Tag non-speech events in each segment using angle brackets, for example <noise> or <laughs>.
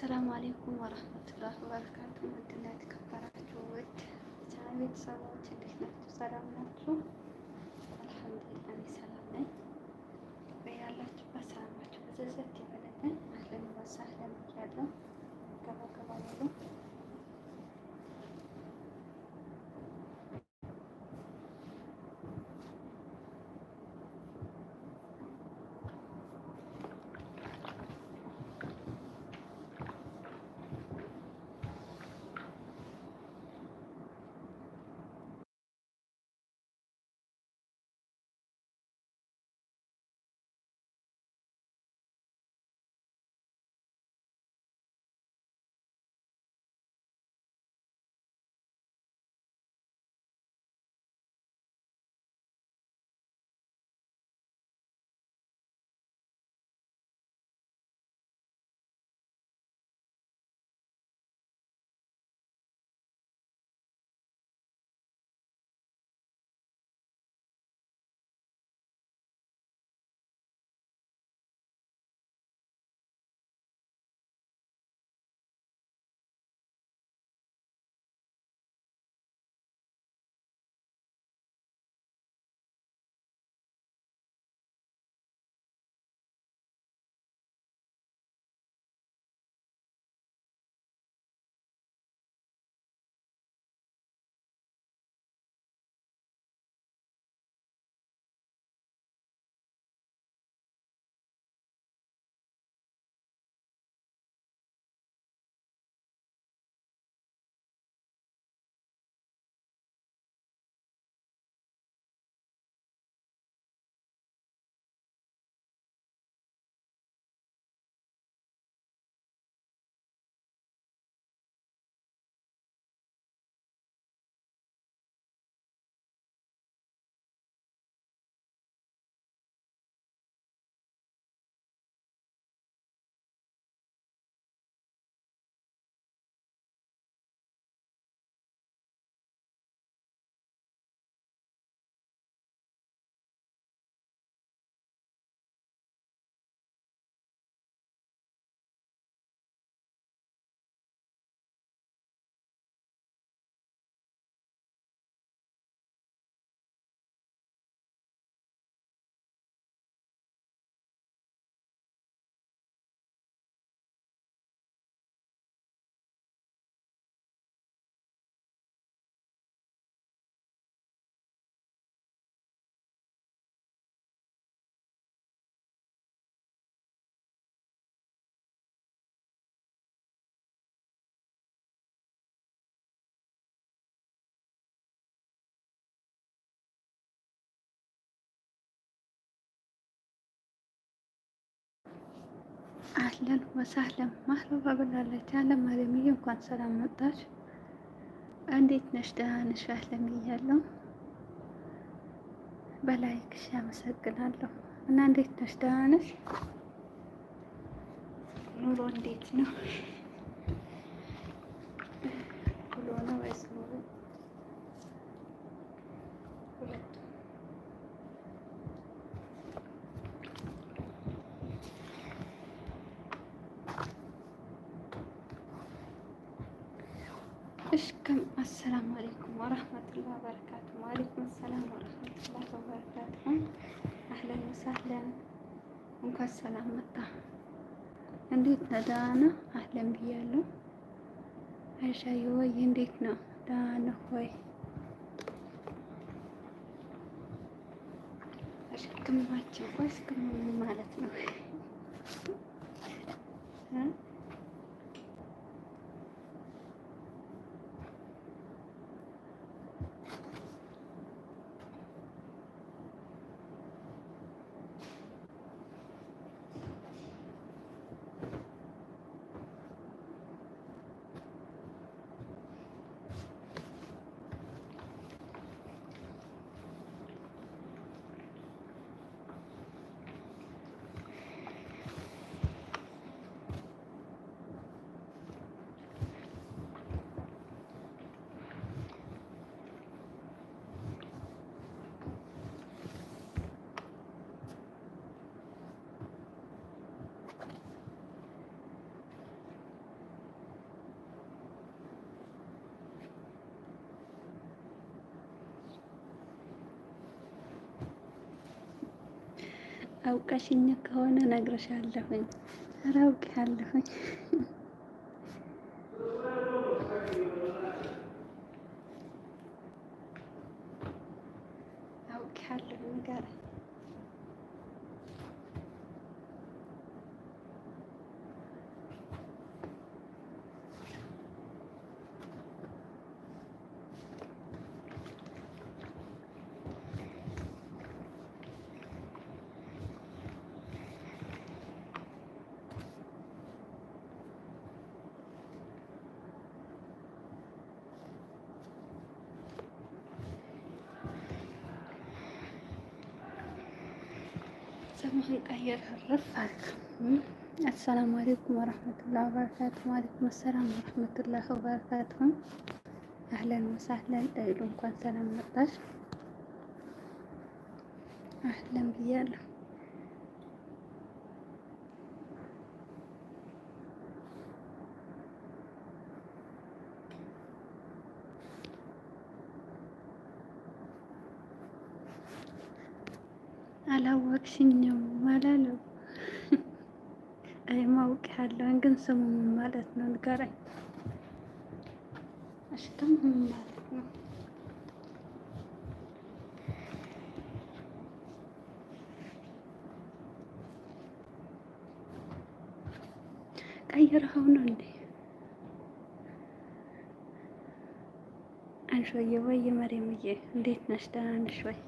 አሰላሙ አሌይኩም ወረህመቱላህ ወበረካቱ። ውድና የተከበራችሁ ውድ ቤተሰቦች እንዴት ናችሁ? ሰላም ናችሁ? አልሐምዱሊላህ ሰላም ነኝ። በያላችሁበት ሰላማችሁ ብዝዝት ይበልልን። አህለን ወሰህለን እያለሁ ገባ ገባ አህለን ወሳህለን ማህለባ ብላለች። አለም አለምዬ እንኳን ሰላም መጣች። እንዴት ነሽ? ደህና ነሽ? አህለም እያለሁ በላይክሽ ያመሰግናለሁ። እና እንዴት ነሽ? ደህና ነሽ? ኑሮ እንዴት ነው? እሽክም አሰላሙ አለይኩም ወረህመቱላ ወበረካቱ። ወአለይኩም ሰላም ወረህመቱላ ወበረካቱ። አህለን ወሳህለን፣ እንኳን ሰላም መጣ። እንዴት ነህ? ደህና ነህ? አህለን ብያለሁ። አይሻዬ ወይ እንዴት ነው? ደህና ነህ ወይ? እሽክም ማለት ነው አውቀሽኝ ከሆነ ነግረሻለሁኝ። ኧረ አውቄያለሁኝ። السلام عليكم ورحمة الله وبركاته وعليكم السلام ورحمة الله وبركاته أهلا وسهلا أهلا وسهلا سلام مطاش أهلا بيالو እባክሽኝ ነው አላለው። አይ ማውቅ ያለውን ግን ስሙ ምን ማለት ነው ንገረኝ። አሽተም ምን ማለት ነው? ቀይረኸው ነው እንዴ? አንሾዬ ወይ መሬምዬ እንዴት ነሽ? ደህና ነሽ ወይ?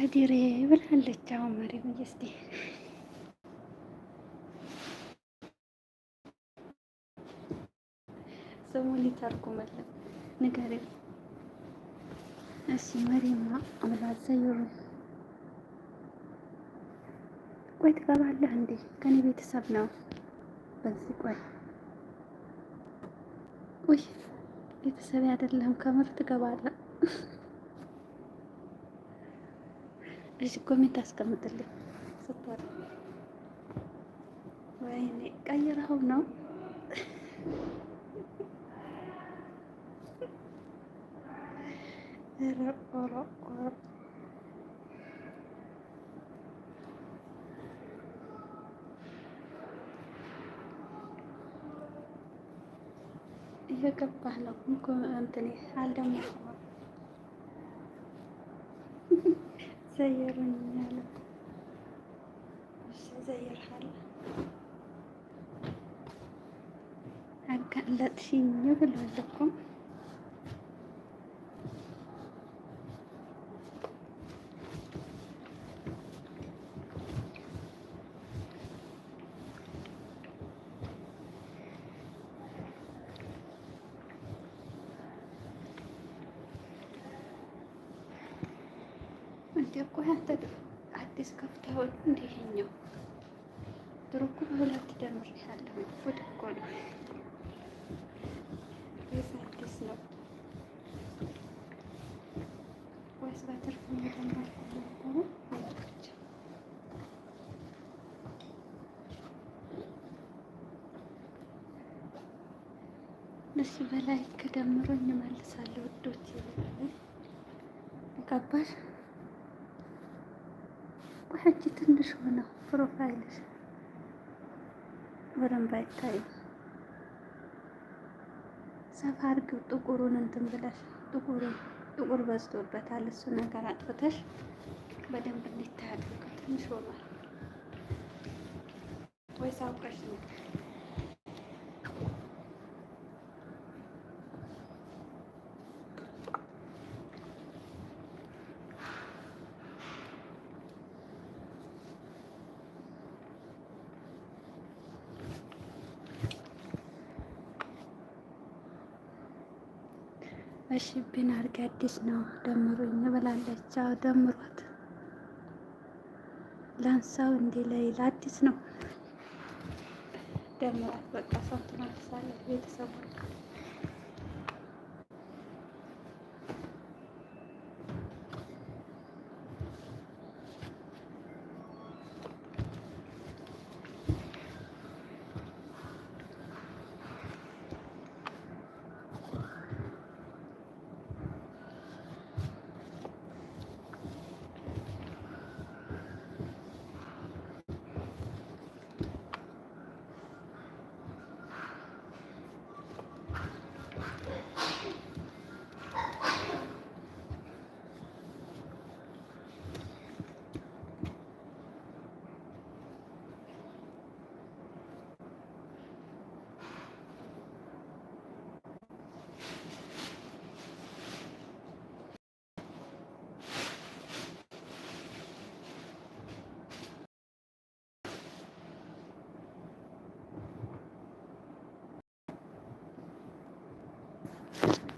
ከድሬ ብላለች። አሁን ማርያም እስኪ ስሙ መለ ንገሪ እሺ። መሪማ አምላክ ዘይሩ ቆይ ትገባለህ እንዴ? ከኔ ቤተሰብ ነው። በዚህ ቆይ ውይ ቤተሰብ አይደለም። ከምር ትገባለህ እዚህ ኮሜንት አስቀምጥልኝ ስትወጣ። ወይኔ ቀይረኸው ነው እየገባህ ነው እንትን አልደሞ زيروني يلا مش زي الحل هكا لا تشيني قولوا لكم እሺ በላይ ከደምሮ እንመልሳለሁ። ውዶች ቀባሽ ቆሐጅ ትንሽ ሆነ ፕሮፋይልሽ በደንብ አይታይም። ሰፋ አድርጊው ጥቁሩን እንትን ብለሽ ጥቁሩን ጥቁር በዝቶበታል። እሱ ነገር አጥፍተሽ በደንብ እንዲታይ አድርጊው። ትንሽ ሆኗል ወይስ አውቀሽ ነው? እሺ ብን አርጌ አዲስ ነው ደምሩኝ ብላለች። አዎ ደምሯት። ላንሳው እንዴ ለይል አዲስ ነው ደምሯት። በቃ ሰው ትመልሳለች ቤተሰቡ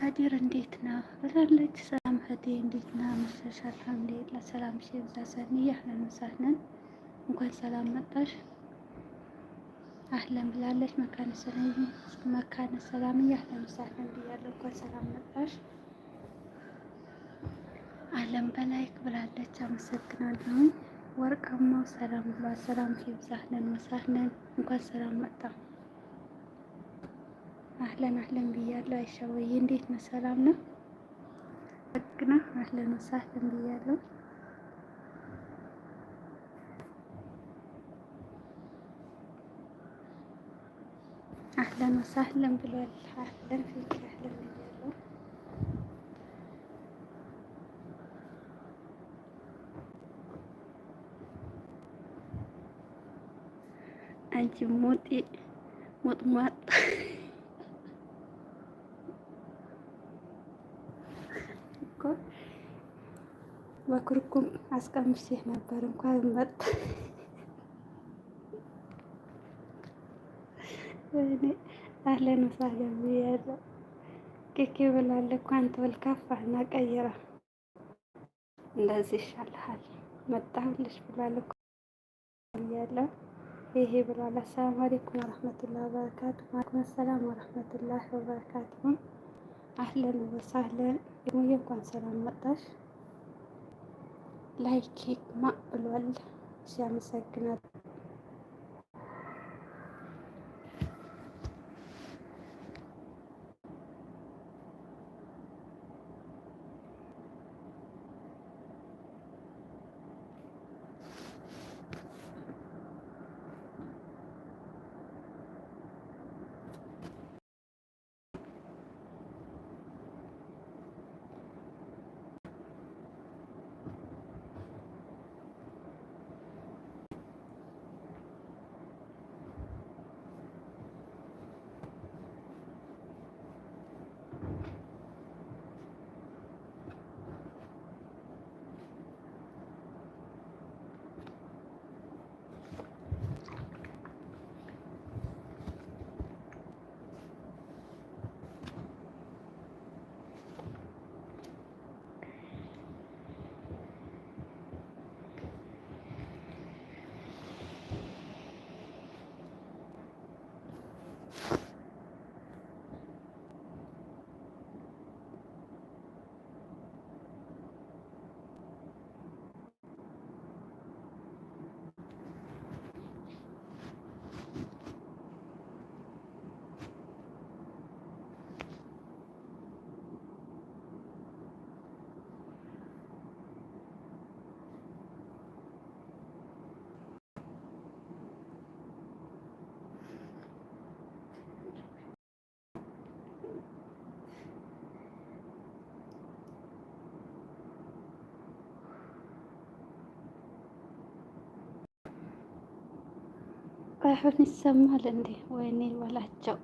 ቀዲር እንዴት ነህ ብላለች። ሰላም እህቴ እንዴት ና መሰሻ አልሐምዱሊላህ ሰላም ሲብዛ ሰኒ አህለን ወሰህለን እንኳን ሰላም መጣሽ አህለን ብላለች። መካነ ሰላም አህለን ወሰህለን ብያለሁ። እንኳን ሰላም መጣሽ አለም በላይክ ብላለች። አመሰግናለሁኝ። ወርቃማው ሰላም ብሏል። ሰላም ሲብዛ አህለን ወሰህለን እንኳን ሰላም መጣ አህለን አህለን ብያለሁ። አይሻወይ እንዴት ነው? ሰላም ነው? ግና አህለን ወሳህለን ብያለሁ። አህለን ወሳህለን ብሏል። አህለን ፊክ አህለን ብያለሁ። አንቺ ሞጤ ሞጥሟጣ ኩርኩም አስቀምሼ ነበር እንኳን መጣ። ወይኔ አለን ሳለም ያዘ ኬክ ብላለ ኳንት ወልካፋና ቀይራ እንደዚህ ይሻልሃል መጣሁልሽ ብላለ ያለው ይሄ ብሏል። አሰላሙ አለይኩም ወረህመቱላሂ ወበረካቱ። ማክመ ሰላም ወረህመቱላሂ ወበረካቱ። አህለን ወሳህለን። እንኳን ሰላም መጣሽ። ላይክ ማዕበሏል ሲያመሰግናል ባይሆን ይሰማል እንዴ? ወይኔ በላቸው።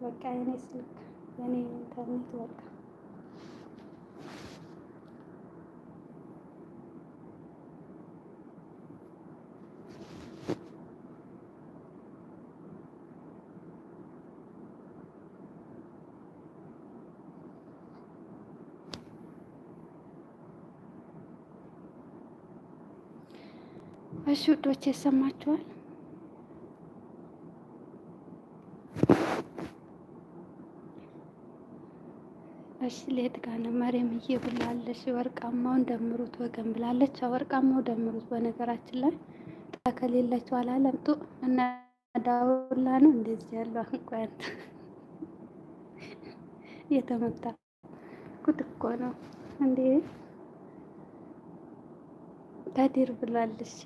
በቃ የኔ ስልክ የኔ ኢንተርኔት በቃ እሺ ውዶች ይሰማችኋል። ገባሽ ሌት ጋነ ማርያምዬ ብላለች። ወርቃማውን ደምሩት ወገን ብላለች። ወርቃማው ደምሩት። በነገራችን ላይ ጥላ ከሌላቸው አላለም ጡ እና ዳውላ ነው እንደዚህ ያለው እንኳን የተመታ ጉድ እኮ ነው እንዴ! ታዲር ብላለች።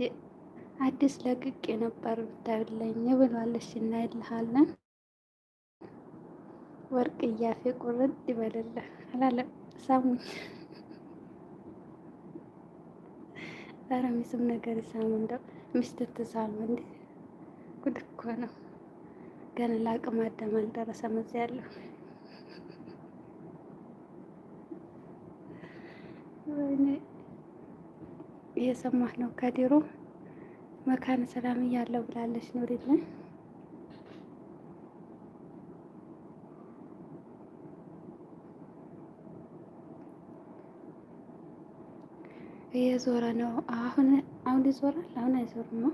አዲስ ለቅቄ ነበር ብታዩለኝ ብሏለች። እናይልሃለን ወርቅ እያፌ ቁርጥ ይበልልህ አላለም። ሳሙኝ <laughs> ኧረ ሚስም ነገር ሳሙ እንደው ሚስትት ሳሙ እንዴ! ጉድ እኮ ነው። ገና ለአቅመ አዳም አልደረሰም እዚህ ያለው እየሰማህ ነው። ከድሮ መካነ ሰላም እያለው ብላለች ኑሪልን እየዞረ ነው። አሁን አሁን ይዞራል። አሁን አይዞርም ነው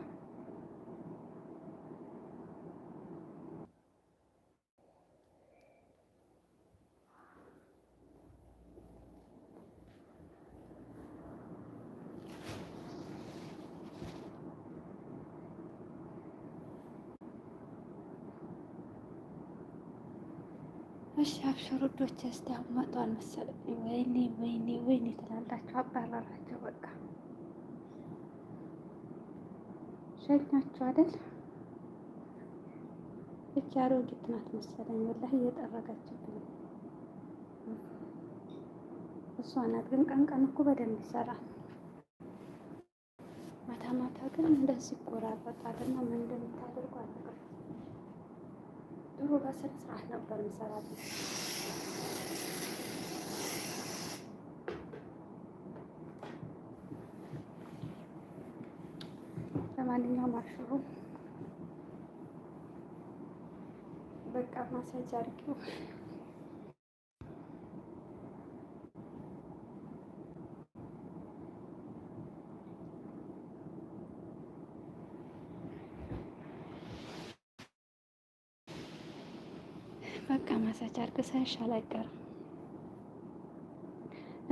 አብሽሩዶች ያስዳመጡ አልመሰለኝ። ወይኔ ወይኔ ወይኔ ትላላቸው። አባረራቸው በቃ ሸኛቸው አይደል? ብቻ አሮጊት ናት መሰለኝ። ወላሂ እየጠረገችብኝ እሷ ናት። ግን ቀን ቀን እኮ በደንብ ይሰራል። ማታ ማታ ግን እንደዚህ ይቆራረጣልና ምንድን ታደርጓል? ድሮ በስነ ስርዓት ነበር የምሰራት። ለማንኛውም አሽሩ በቃ ማሳጅ አድርጊው። ማሳጅ አርግሰሽ አላቀርም።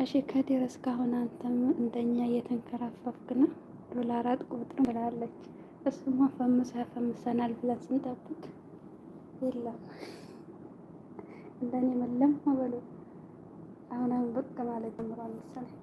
እሺ ከዲር እስካሁን አንተም እንደኛ እየተንከራፈፍክ ነው። ዶላር ቁጥር ብላለች። እሱማ ፈምሳ ፈምሰናል ብለን ስንጠብቅ የለም እንደኔ መለም በሉ አሁን አሁን ብቅ ማለት ጀምሯል መሰለኝ